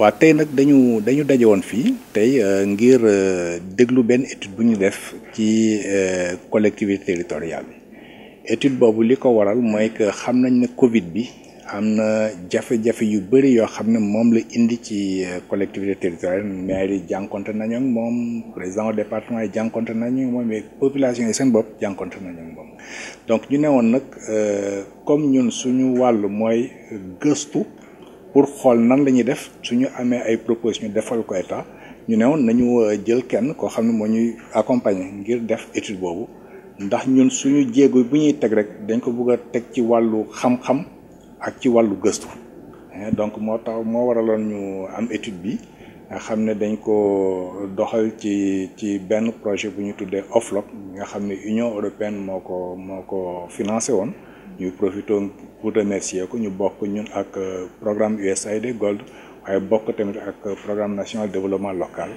waa tey nag dañu dañu daje woon fii tey euh, ngir euh, déglu benn étude bu ñu def ci euh, collectivité territoriale bi étude boobu li ko waral mooy que xam nañ ne Covid bi am na jafe-jafe yu bëri yoo xam ne moom la indi ci collectivité territoriale maire yi jànkonte nañu moom président département yi jànkonte nañu moom mais population yi seen bopp jànkonte nañu ak moom donc ñu ne woon nag comme ñun suñu wàll mooy gëstu pour xool nan la ñuy def suñu amee ay proposition ñu defal ko état ñu ne woon nañu euh, jël kenn koo xam ne moo ñuy accompagner ngir def étude boobu ndax ñun suñu jéego bu ñuy teg rek dañ ko bëgg a teg ci wàllu xam-xam ak ci wàllu gëstu eh, donc moo tax moo waraloon ñu am étude bi nga xam ne dañ ko doxal ci ci benn projet bu ñu tuddee OFLOC nga xam ne Union européenne moo ko moo ko financé woon ñu profité pour remercier ko ñu bokk ñun ak euh, programme USAID Gold waaye bokk tamit ak euh, programme national de développement local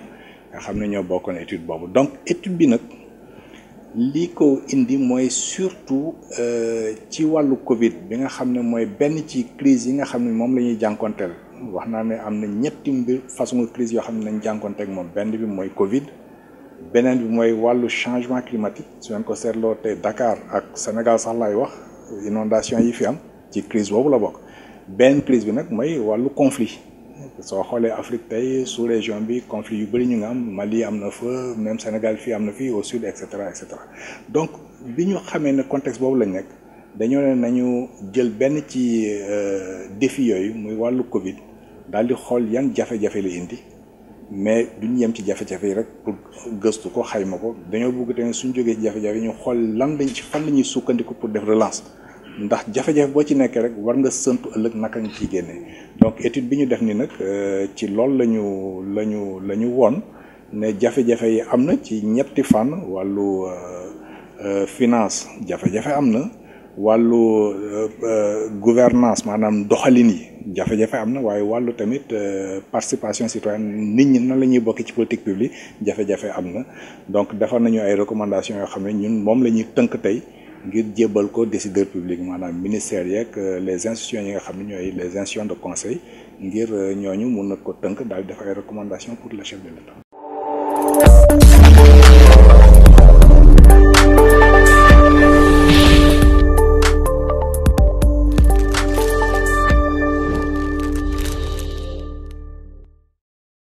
nga xam ne ñoo bokkoon étude boobu donc étude bi nag lii ko indi mooy surtout euh, ci wàllu Covid bi nga xam ne mooy benn ci crise yi nga xam ne moom la ñuy jànkonteel wax naa ne am na ñetti mbir façon crise yoo xam ne nañ jànkoonteeg moom benn bi mooy Covid beneen bi mooy wàllu changement climatique c'est ngeen ko seetloo te Dakar ak Sénégal ça l'a wax inondation yi fi am ci crise boobu la bokk benn crise bi nag mooy wàllu conflit soo xoolee Afrique tey sous région bi conflit yu bëri ñu nga am Mali am na fa même Sénégal fii am na fii au sud et cetera et cetera donc bi ñu xamee ne contexte boobu lañ nekk dañoo ne nañu jël benn ci euh, défi yooyu muy wàllu Covid daal di xool yan jafe-jafe la indi. mais du duñ yem ci jafe-jafe yi rek pour gëstu ko xayma ko dañoo bëgg tamit suñ jógee ci jafe-jafe ñu xool lan lañu ci fan la ñuy sukkandiku pour def relance ndax jafe-jafe boo ci nekkee rek war nga sëntu ëllëg naka nga ciy génnee donc étude bi ñu def ni nag euh, ci loolu la ñu la ñu la ñu woon ne jafe-jafe yi am na ci ñetti fànn wàllu euh, euh, finance jafe-jafe am na wàllu euh, euh, gouvernance manam doxalin jafé jafé amna waye na tamit euh, participation citoyenne nit ñi nan lañuy ñuy bokk ci politique publique jafé jafé amna donc defar nañu ay recommandations yo xamné ñun mom lañuy teunk tay ngir djébal ko décideur public manam ministère yeeg les institutions yi nga xamné ñoy les institutions de conseil ngir ñoñu mëna ko teunk dal def ay recommandations pour la chef de l'État